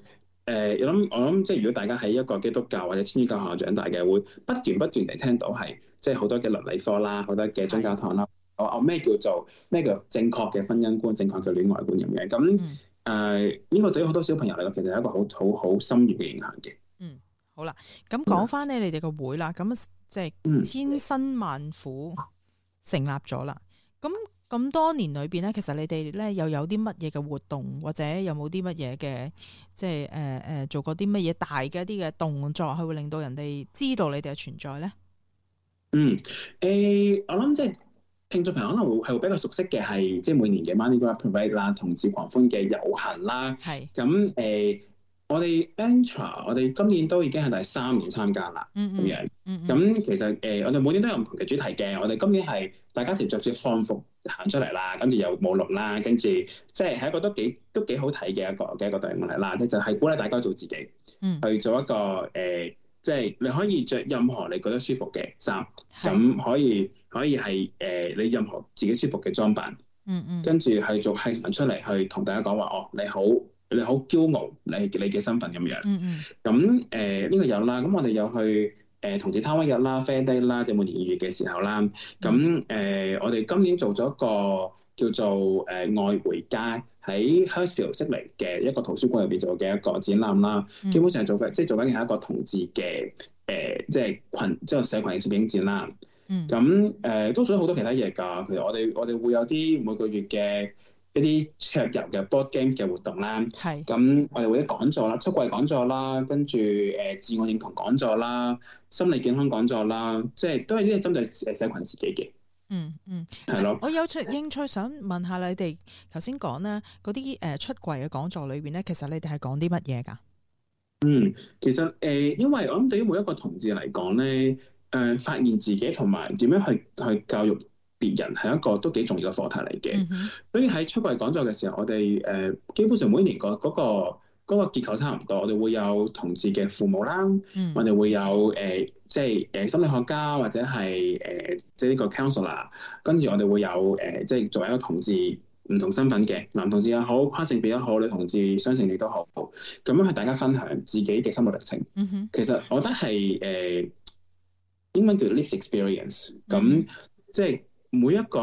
呃，我諗我諗，即係如果大家喺一個基督教或者天主教學校長大嘅，會不斷不斷地聽到係即係好多嘅倫理科啦，好多嘅宗教堂啦，我我咩叫做咩叫正確嘅婚姻觀、正確嘅戀愛觀咁樣咁誒、呢、嗯呃呢個對於好多小朋友嚟講，其實係一個好好好深遠嘅影響嘅。好啦，咁講翻咧，你哋個會啦，咁即係千辛萬苦成立咗啦。咁咁、嗯、多年裏邊咧，其實你哋咧又有啲乜嘢嘅活動，或者有冇啲乜嘢嘅，即係誒誒做過啲乜嘢大嘅一啲嘅動作，係會令到人哋知道你哋嘅存在咧。嗯，誒、呃，我諗即係聽眾朋友可能會比較熟悉嘅係，即、就、係、是、每年嘅 Mardi Gras Parade 啦，同志狂歡嘅遊行啦，係咁誒。我哋 Anchor 我哋今年都已經係第三年參加啦，咁、嗯嗯、樣。咁、嗯嗯、其實誒、呃，我哋每年都有唔同嘅主題嘅。我哋今年係大家要着住漢服行出嚟啦，跟住又舞龍啦，跟住即係係一個都幾都幾好睇嘅一個嘅一個隊伍嚟啦。咧就係、是、鼓勵大家做自己，嗯、去做一個誒，即、呃、係、就是、你可以着任何你覺得舒服嘅衫，咁、嗯、可以可以係誒、呃、你任何自己舒服嘅裝扮。跟住、嗯嗯、去做係行出嚟去同大家講話哦，你好。你好驕傲，你你嘅身份咁樣。嗯嗯、mm。咁誒呢個有啦，咁我哋有去誒、呃、同志探灣日啦、Friend Day、mm hmm. 啦，即、就、係、是、每年二月嘅時候啦。咁誒、呃，我哋今年做咗一個叫做誒愛、呃、回街》喺 Hertfordshire 嘅一個圖書館入邊做嘅一個展覽啦。Mm hmm. 基本上做嘅即係做緊嘅係一個同志嘅誒，即係羣即係社群嘅攝影展啦。嗯、mm。咁、hmm. 誒、呃，都做咗好多其他嘢㗎。其實我哋我哋會有啲每個月嘅。一啲桌遊嘅 board game 嘅活動啦，咁是我哋會啲講座啦，出櫃講座啦，跟住誒自我認同講座啦，心理健康講座啦，即係都係呢個針對誒社群自己嘅、嗯。嗯嗯，係咯。我有趣興趣想問下你哋，頭先講咧嗰啲誒出櫃嘅講座裏邊咧，其實你哋係講啲乜嘢噶？嗯，其實誒、呃，因為我諗對於每一個同志嚟講咧，誒、呃、發現自己同埋點樣去去教育別人係一個都幾重要嘅課題嚟嘅，mm hmm. 所以喺出櫃講座嘅時候，我哋誒、呃、基本上每年、那個嗰個嗰個結構差唔多，我哋會有同志嘅父母啦，mm hmm. 我哋會有誒、呃、即係誒心理學家或者係誒、呃、即係呢個 counselor，跟住我哋會有誒、呃、即係作為一個同志唔同身份嘅男同志又好，跨性別又好，女同志雙性別都好，咁樣去大家分享自己嘅心路歷程。Mm hmm. 其實我覺得係誒、呃、英文叫 lived experience，咁即係。Mm hmm. 嗯每一個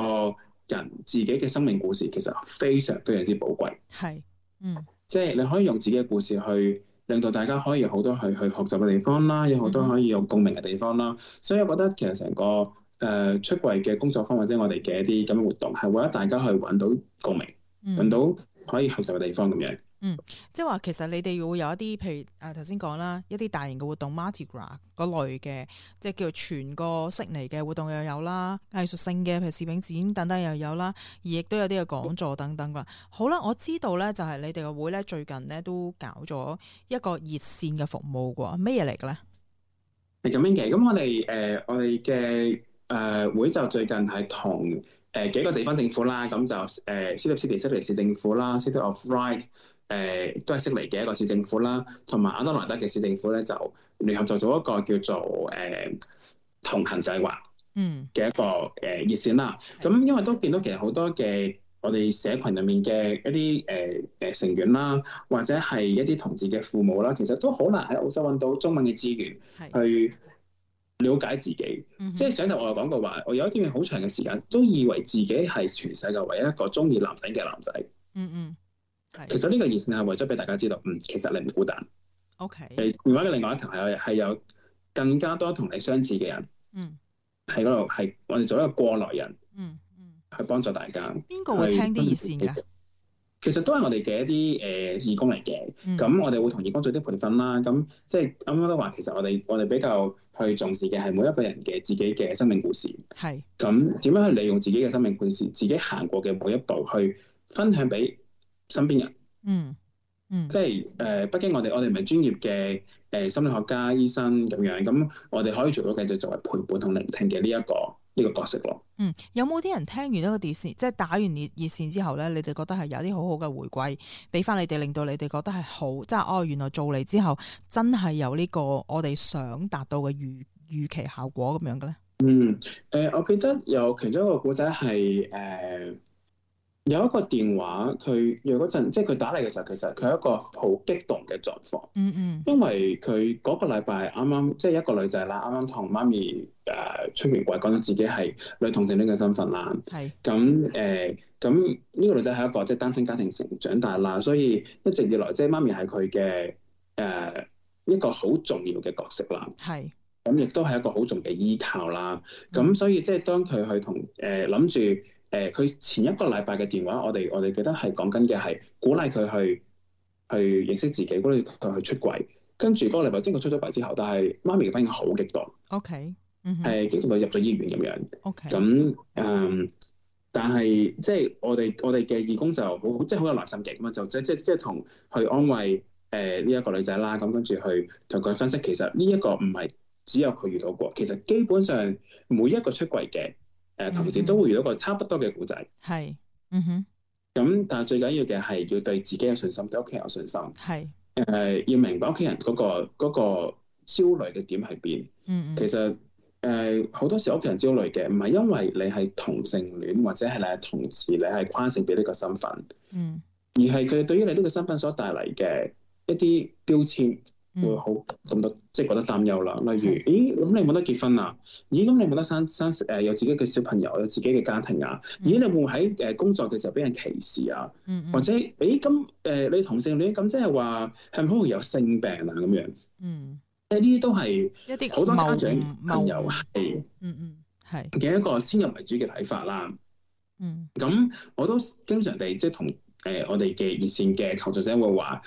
人自己嘅生命故事其實非常非常之寶貴，係，嗯，即係你可以用自己嘅故事去令到大家可以好多去去學習嘅地方啦，有好多可以用共鳴嘅地方啦，嗯、所以我覺得其實成個誒、呃、出櫃嘅工作坊或者我哋嘅一啲咁嘅活動係為咗大家去揾到共鳴，揾到可以學習嘅地方咁樣。嗯，即係話其實你哋會有一啲，譬如誒頭先講啦，一啲大型嘅活動 Mardi Gras 嗰類嘅，即係叫做全個悉尼嘅活動又有啦，藝術性嘅，譬如攝影展等等又有啦，而亦都有啲嘅講座等等噶。好啦，我知道咧，就係你哋嘅會咧，最近咧都搞咗一個熱線嘅服務嘅，咩嘢嚟嘅咧？係咁樣嘅，咁我哋誒、呃、我哋嘅誒會就最近係同誒、呃、幾個地方政府啦，咁就誒悉尼市、悉尼市政府啦，City of Right。市立立市立誒都係悉尼嘅一個市政府啦，同埋阿德萊德嘅市政府咧就聯合做做一個叫做誒、欸、同行計劃，嗯嘅一個誒熱線啦。咁、嗯、因為都見到其實好多嘅我哋社群入面嘅一啲誒誒成員啦，或者係一啲同志嘅父母啦，其實都好難喺澳洲搵到中文嘅資源去了解自己。是即係上頭我有講過話，我有一段好長嘅時間都以為自己係全世界唯一一個鍾意男仔嘅男仔，嗯。嗯嗯。係，是其實呢個熱線係為咗俾大家知道，嗯，其實你唔孤單。O Okay K。誒，另外嘅另外一條係係有更加多同你相似嘅人，嗯，喺嗰度係我哋做一個過來人，嗯嗯，嗯去幫助大家。邊個會聽啲熱線噶？其實都係我哋嘅一啲誒、呃、義工嚟嘅。咁、嗯、我哋會同義工做啲培訓啦。咁即係啱啱都話，其實我哋我哋比較去重視嘅係每一個人嘅自己嘅生命故事。係是。咁點樣去利用自己嘅生命故事，自己行過嘅每一步去分享俾？身邊人，嗯嗯，嗯即係誒，畢、呃、竟我哋我哋唔係專業嘅誒、呃、心理學家醫生咁樣，咁我哋可以做到嘅就作為陪伴同聆聽嘅呢一個呢、呢個角色咯。嗯，有冇啲人聽完一個電視，即係打完熱熱線之後咧，你哋覺得係有啲好好嘅回饋，俾翻你哋，令到你哋覺得係好，即係哦，原來做嚟之後真係有呢個我哋想達到嘅預預期效果咁樣嘅咧？嗯，誒、呃，我記得有其中一個故仔係誒。呃有一個電話，佢約嗰陣，即係佢打嚟嘅時候，其實佢係一個好激動嘅狀況。嗯嗯，因為佢嗰個禮拜啱啱，即係一個女仔啦，啱啱同媽咪誒出名鬼講到自己係女同性戀嘅身份啦。係是。咁誒，咁、呃、呢、嗯嗯、個女仔係一個即係單親家庭成長大啦，所以一直以來即係媽咪係佢嘅誒一個好重要嘅角色啦。係是。咁亦都係一個好重嘅依靠啦。咁所以即係當佢去同誒諗住。嗯嗯嗯誒佢、呃、前一個禮拜嘅電話，我哋我哋記得係講緊嘅係鼓勵佢去去認識自己，鼓勵佢去出櫃。跟住嗰個禮拜，出禮拜之後出咗櫃之後，但係媽咪嘅反應好激動。OK，係激到入咗醫院咁樣。OK，咁、mm、誒、hmm. 嗯，但係即係我哋我哋嘅義工就好即係好有耐心嘅咁啊，就即即即係同去安慰誒呢一個女仔啦。咁跟住去同佢分析，其實呢一個唔係只有佢遇到過，其實基本上每一個出櫃嘅。誒，同事都會遇到個差不多嘅故仔。係，嗯哼。咁但係最緊要嘅係要對自己有信心，對屋企有信心。係，誒，要明白屋企人嗰、嗰個、嗰個焦慮嘅點係邊。嗯，嗯其實誒，好、呃、多時屋企人焦慮嘅，唔係因為你係同性戀或者係你係同事，你係跨性別呢個身份。嗯。而係佢對於你呢個身份所帶嚟嘅一啲標籤。會好咁多，即係覺得擔憂啦。例如，咦，咁你冇得結婚啊？咦，咁你冇得生生誒、呃，有自己嘅小朋友，有自己嘅家庭啊？嗯、咦，你會唔會喺誒工作嘅時候俾人歧視啊？嗯嗯、或者，誒，咁誒，你同性戀咁，即係話係咪可能有性病啊？咁樣？嗯，即係呢啲都係一啲好多家長朋友係，嗯嗯係嘅一個先入為主嘅睇法啦。咁、嗯嗯、我都經常地即係同誒我哋嘅熱線嘅求助者會話。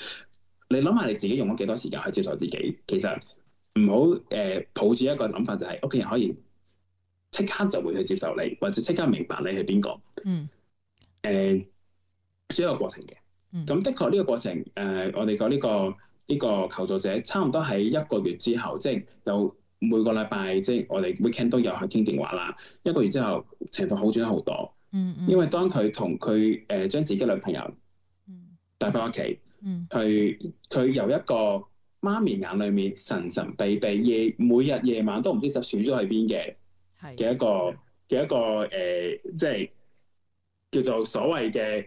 你諗下你自己用咗幾多時間去接受自己？其實唔好誒抱住一個諗法，就係屋企人可以即刻就會去接受你，或者即刻明白你係邊個。嗯。誒，需要個過程嘅。嗯。咁的確呢個過程誒，我哋講呢個呢個求助者差唔多喺一個月之後，即係有每個禮拜，即係我哋 weekend 都有去傾電話啦。一個月之後，情況好轉好多。嗯嗯。因為當佢同佢誒將自己女朋友帶翻屋企。嗯嗯。嗯，佢佢由一個媽咪眼裏面神神秘秘，夜每日夜晚都唔知就閃咗去邊嘅，係嘅一個嘅一個誒，即係叫做所謂嘅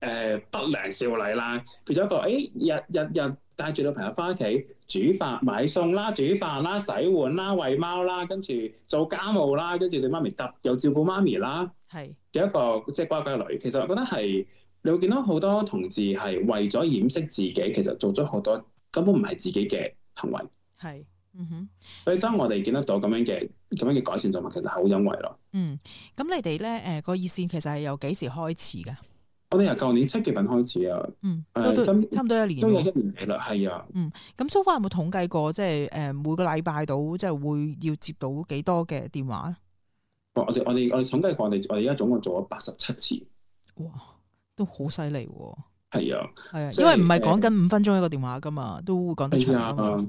誒不良少女啦。變咗一個誒日日日帶住女朋友翻屋企煮飯買餸啦，煮飯啦，洗碗啦，餵貓啦，跟住做家務啦，跟住對媽咪揼又照顧媽咪啦，係嘅一個即係乖乖女。其實我覺得係。你會見到好多同志係為咗掩飾自己，其實做咗好多根本唔係自己嘅行為。係，嗯哼。所以我，我哋見得到咁樣嘅咁樣嘅改善進步，其實係好欣慰咯。嗯，咁你哋咧，誒個熱線其實係由幾時開始嘅？我哋由舊年七月份開始啊。嗯，都都差唔多一年，哎、一年都有一年幾啦。係啊。嗯，咁 so far 有冇統計過，即係誒每個禮拜到即係會要接到幾多嘅電話咧？我哋我哋我哋統計過，我哋我哋而家總共做咗八十七次。哇！都好犀利！係啊，係啊，因為唔係講緊五分鐘一個電話噶嘛，啊、都會講得長咯，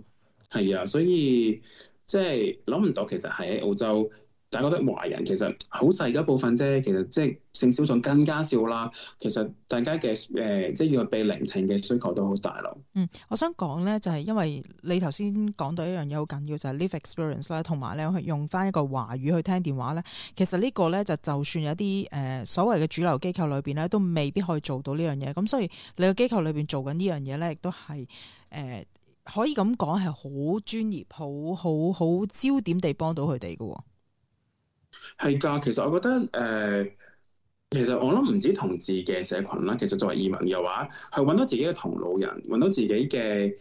係啊，啊，所以即係諗唔到，其實係喺澳洲。但家覺得華人其實好細嘅一部分啫，其實即係性小眾更加少啦。其實大家嘅誒、呃，即係要被聆聽嘅需求都好大咯。嗯，我想講咧，就係、是、因為你頭先講到一樣嘢好緊要，就係、是、live experience 啦，同埋咧用翻一個華語去聽電話咧。其實個呢個咧就就算有啲誒、呃、所謂嘅主流機構裏邊咧，都未必可以做到呢樣嘢。咁所以你個機構裏邊做緊呢樣嘢咧，亦都係誒可以咁講係好專業、好好好焦點地幫到佢哋嘅。係噶，其實我覺得，誒、呃，其實我諗唔止同志嘅社群啦，其實作為移民嘅話，去揾到自己嘅同路人，揾到自己嘅誒、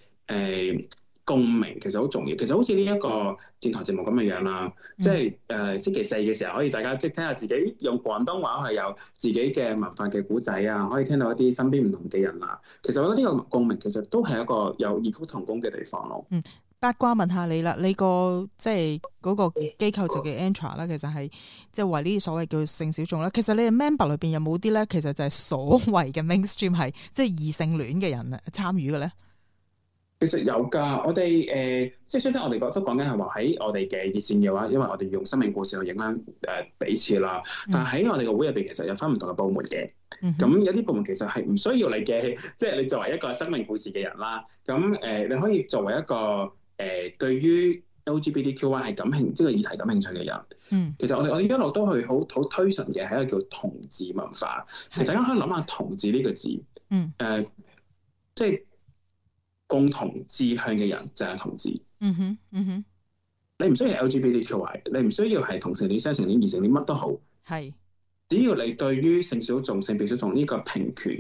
呃、共鳴，其實好重要。其實好似呢一個電台節目咁嘅樣啦，嗯、即係誒、呃、星期四嘅時候，可以大家即係聽下自己用廣東話，係有自己嘅文化嘅古仔啊，可以聽到一啲身邊唔同嘅人啊。其實我覺得呢個共鳴，其實都係一個有異曲同工嘅地方咯。嗯八卦問下你啦，你個即係嗰、那個機構就叫 entry 啦，其實係即係話呢啲所謂叫性小眾啦。其實你嘅 member 裏邊有冇啲咧，其實就係所謂嘅 mainstream 係即係異性戀嘅人啊參與嘅咧？其實有㗎，我哋誒、呃、即係相對我哋覺得講緊係話喺我哋嘅熱線嘅話，因為我哋用生命故事去影響誒彼此啦。但係喺我哋個會入邊，其實有分唔同嘅部門嘅。咁、嗯、哼有啲部門其實係唔需要你嘅，即係你作為一個生命故事嘅人啦。咁誒、呃、你可以作為一個。誒，對於 LGBTQI 係感興趣，呢、就、個、是、議題感興趣嘅人，嗯，其實我哋我一路都係好好推崇嘅，係一個叫同志文化。係的，大家可以諗下同志呢個字，嗯，誒、呃，即係共同志向嘅人就係同志。嗯嗯、你唔需要 LGBTQI，你唔需要係同性戀、雙性戀、異性戀，乜都好，係是，只要你對於性小眾、性別小眾呢個平權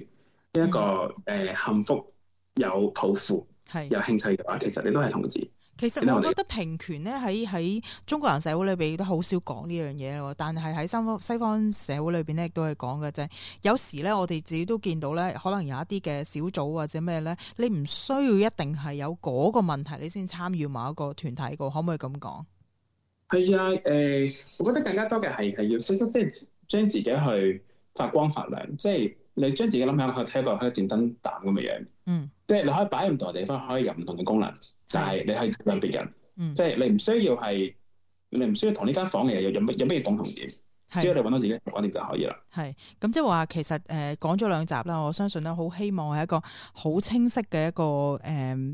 呢一、這個誒、這個、幸福有抱負，係有興趣嘅話，其實你都係同志。其實我覺得平權咧，喺喺中國人社會裏邊都好少講呢樣嘢咯，但係喺西方西方社會裏邊咧都係講嘅啫。有時咧，我哋自己都見到咧，可能有一啲嘅小組或者咩咧，你唔需要一定係有嗰個問題你先參與某一個團體個，可唔可以咁講？係啊，誒、呃，我覺得更加多嘅係係要識得將自己去發光發亮，即係。你將自己諗下，個 table 開電燈膽咁嘅樣，嗯、即係你可以擺唔同地方，可以有唔同嘅功能，但係你可以借俾別人，嗯、即係你唔需要係你唔需要同呢間房嘅有有咩有咩共同點。只要你揾到自己，搵掂就可以啦。係，咁、嗯、即係話，其實誒講咗兩集啦，我相信咧，好希望係一個好清晰嘅一個誒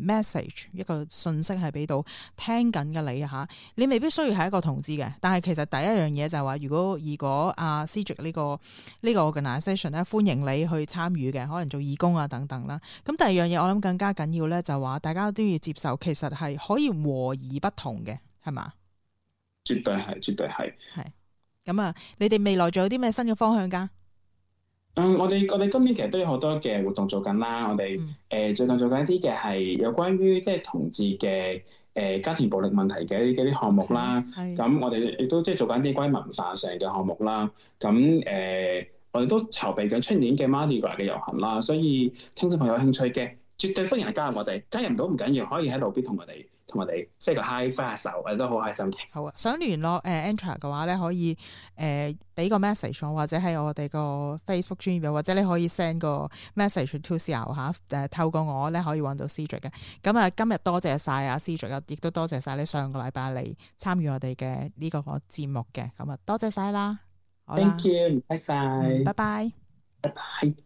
message，、呃、一個信息係俾到聽緊嘅你吓。你未必需要係一個同志嘅，但係其實第一樣嘢就係話，如果如果阿、啊、Cedric 呢、這個呢、這個 organization 咧，歡迎你去參與嘅，可能做義工啊等等啦。咁、嗯、第二樣嘢，我諗更加緊要咧，就係話大家都要接受，其實係可以和而不同嘅，係嘛？絕對係，絕對係。係。咁啊，你哋未來仲有啲咩新嘅方向㗎？嗯，我哋我哋今年其實都有好多嘅活動做緊啦。我哋誒、嗯呃，最近做緊一啲嘅係有關於即係同志嘅誒、呃、家庭暴力問題嘅一啲項目啦。咁、嗯，我哋亦都即係做緊啲關於文化上嘅項目啦。咁、嗯、誒、呃，我哋都籌備緊出年嘅 Mardi Gras 嘅遊行啦。所以，聽眾朋友有興趣嘅，絕對歡迎加入我哋。加入唔到唔緊要，可以喺路邊同我哋。同埋你，即係個 high 分手，誒都好 h 心嘅。好啊，想聯絡誒 Andrew 嘅話咧，可以誒俾、呃、個 message，我，或者係我哋個 Facebook 專頁，或者你可以 send 個 message to Sir 吓，誒、啊、透過我咧可以搵到 Sir 嘅。咁、嗯、啊，今日多謝晒阿 Sir，亦都多謝晒你上個禮拜嚟參與我哋嘅呢個節目嘅。咁、嗯、啊，多謝晒啦，啦，Thank you，多謝，拜拜，拜拜。Bye.